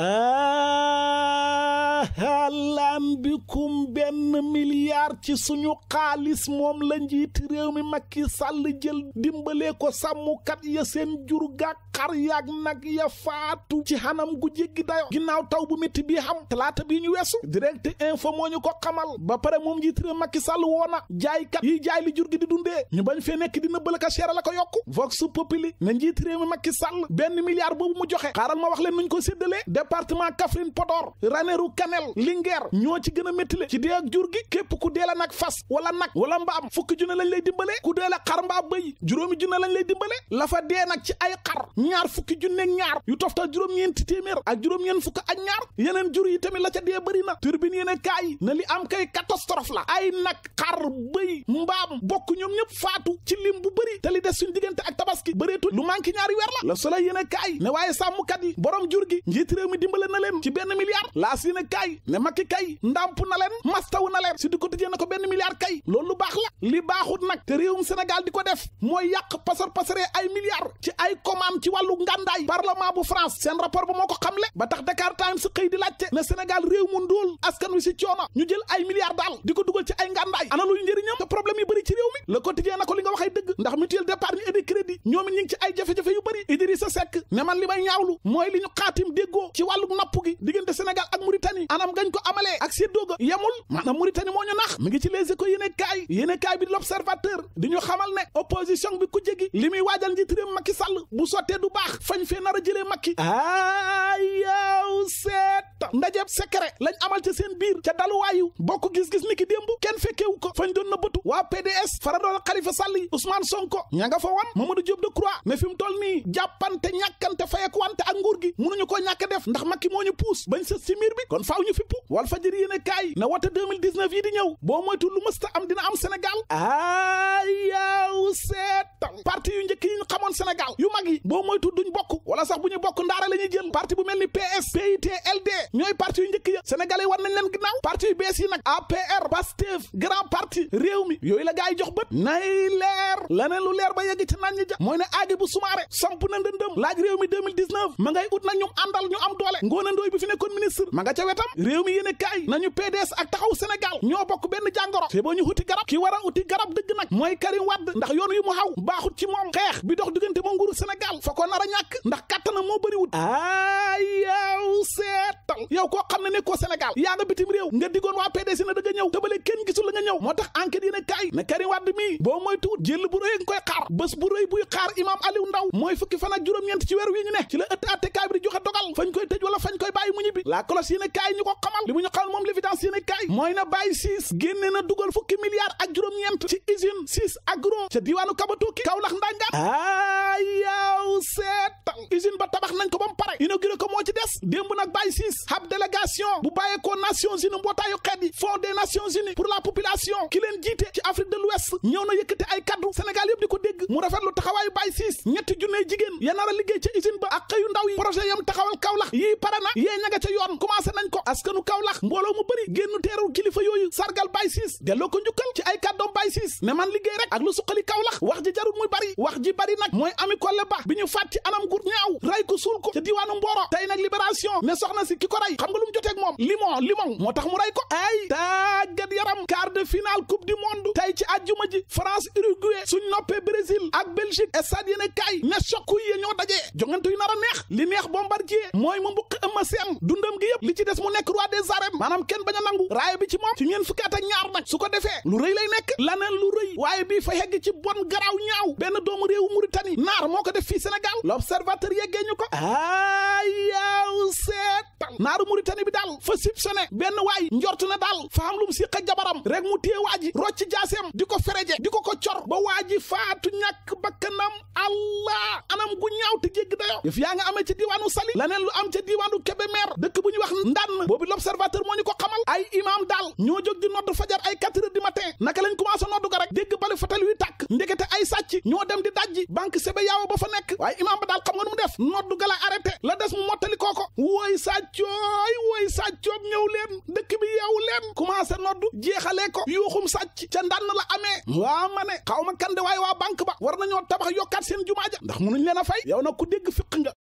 Ah. yàllaan bikum benn milliard ci suñu xaalis moom la njiiti réew mi Macky sàll jël dimbalee ko sàmmkat ya seen jur gàkk xar yaag nag ya faatu ci xanam gu jéggi dayo ginnaaw taw bu métti bii xam talaata bii ñu weesu direct info moo ñu ko xamal ba pare moom njiit réew Macky Sall woona jaaykat yi jaay li jur gi di dundee ñu bañ fee nekk dina bëlaka seera ko yokku vox populi ne njiit réew mi Macky Sall benn milliard boobu mu joxe xaaral ma wax leen nuñ ko séddalee département Kaffrine Podor Ranérou Linguère ñoo ci gën a métti le ci dee ak jur gi képp ku dee la nag fas wala nag wala mbaam fukki junne lañ lay dimbale ku dee la xar mbaa bëy juróomi junne lañ lay dimbale la fa dee nag ci ay xar ñaar fukki junne ñaar yu toftal juróom-ñeenti téeméer ak juróom ñeen fukk ak ñaar yeneen jur yi tamit la ca dee bëri na turbine yeneen kaay na li am kay catastrophe la ay nag xar bëy mbaam bokk ñoom ñëpp faatu ci lim bu bëri te li des suñ diggante ak tabaski bëreetul lu manqué ñaari weer la le soleil yeneen kaay ne waaye sàmmkat yi borom jur gi njiit réew dimbale na leen ci benn Macky kay ndàmp na leen mastaw na leen si du ko tijjee na ko benn milliard kay loolu baax la li baaxut nag te réewum Sénégal di ko def mooy yàq pasar pasare ay milliards ci ay commande ci wàllu ngàndaay parlement bu France seen rapport ba moo ko xamle ba tax Dakar Times xëy di laajte ne Sénégal réew mu ndóol askan wi si coono ñu jël ay milliards daal di ko dugal ci ay ngàndaay ana luy njëriñam te problème yu bëri ci réew mi le quotidien na ko li nga waxee dëgg ndax mutuelle d'épargne et de crédit ñoom it ci ay jafe-jafe yu bëri Idrissa Seck ne man li may ñaawlu mooy li ñu xaatim déggoo ci wàllu napp diggante Sénégal ak Mauritanie anam gañ ko amalee ak séddoo ga yemul maanaam Mauritanie moo ñu nax mi ngi seet ndajeb secret lañ amal ca seen biir ca daluwaayu bokk gis-gis ni ki démb kenn fekkewu ko fañ doon na bëtu waa PDS fara dool Xalifa Sàll yi Ousmane Sonko ña nga fa wan Mamadou Diop Decroix ne fi mu toll nii jàppante ñàkkante fayekuwante ak nguur gi mënuñu koo ñàkk def ndax Macky moo ñu puus bañ sës ci miir bi kon faaw ñu fippu Walf Fadjri yéene kaay na wote 2019 di ñëw boo moytu lu mësta am dina am Sénégal aayaw seetal parti yu njëkk yi ñu bokk wala sax bu ñu bokk ndaara la ñuy jël parti bu mel ni PS PIT LD ñooy parti yu njëkk ya sénégalais yi war nañ leen ginnaaw parti yu bees yi nag APR PASTEF grand parti réew mi yooyu la gaa yi jox bët nay leer laneen lu leer ba yegg ci naan ñi ja mooy ne aagi bu sumaare samp na ndëndëm laaj réew mi ma ngay ut nag ñu ñu am doole ngoone ndooy bi fi nekkoon ministre ma nga ca wetam réew mi yéene kaay nañu PDS ak taxaw Sénégal ñoo bokk benn jàngoro te boo ñu uti a uti garab dëgg nag mooy Karim a ñàkk kattanam moo bëriwut. ah yow seet. waaw yow koo xam ne nekkoo Sénégal yaa nga bitim réew nga digoon waa PDS na dëgg a ñëw tëbale kenn gisul la ñëw moo tax enquête yi na Karim Wade mii boo mooy tuut jël bu rëy nga koy xaar bés bu rëy buy xaar imam Aliou Ndaw mooy fukki fan ak juróom-ñeent ci weer wi ñu ne ci la ëtt attekaay bi di joxe dogal fañ koy tëj wala fañ koy bàyyi mu ñibbi la cloche yi ñu ko xamal li xamal moom l'évidence yi mooy na a yow seetal usine ba tabax nañ ko ba mu ko moo ci des démb bàyyi siis ab délégation bu bàyyeekoo Nations Unies mbootaayu xeet des Nations Unies pour la population ki len ci Afrique de l'Ouest ñëw na yëkkate ay kaddu Sénégal yëpp diko dégg mu rafetlu taxawayu bay 6 ñetti junney jigéen ya nar liggéey usine ba ak xeyu ndaw yi projet yam taxawal kaolax yi parana na ñaga ca yoon commencé nañ ko askanu kaolax mbolo mu bari, gennu kilifa yoyu sargal bay 6 delo ko njukkal ci ay kàddoom bay 6 ne man liggéey rek ak lu suxali kaolax wax ji jarul muy bari wax ji bari nak moy Ami Collé Ba biñu anam gur ñaaw ray ko sul ko Mboro libération soxna ci ray xam nga lu mu joteeg moom limon limon moo tax mu ray ko ay tàggat yaram quart de finale coupe du monde tey ci àjjuma ji France Uruguay suñ noppee Brésil ak Belgique stade yéene kaay ne sokku yi ñoo dajee nar a neex li neex bombardier mooy mu mbukk ëmma seen dundam gi yëpp li ci des mu nekk roi des arènes maanaam kenn bañ a nangu raaya bi ci moom ci ñeen fukki at ñaar nag su ko defee lu rëy lay nekk laneen lu rëy waaye bii fa yegg ci bon garaaw naaru Mauritanie bi daal fa sib sone benn waay njort na daal fa am lu mu siq jabaram rek mu téye waa rocc jaaseem di ko fereje di ko ko cor ba waa ji faatu ñàkk bakkanam allah anam gu ñaaw te jégg dayo yëf yaa nga amee ci diiwaanu Saly laneen lu am ca diiwaanu Kébémer dëkk bu wax ndann boobu l'observateur moo ko xamal ay imam daal ñoo jóg di nodd fajar ay quatre heures du matin naka lañ commencé noddu ko rek dégg bali fa nekk waaye imam yeew leen dëkk bi yeew leen commencé nodd jeexalee ko yuuxum sàcc ca ndànn la amee waa ma ne xaw ma kande waaye waa banque ba war nañoo tabax yokkaat seen jumaa ja ndax mënuñ leen a fay yow na ku dégg fiq nga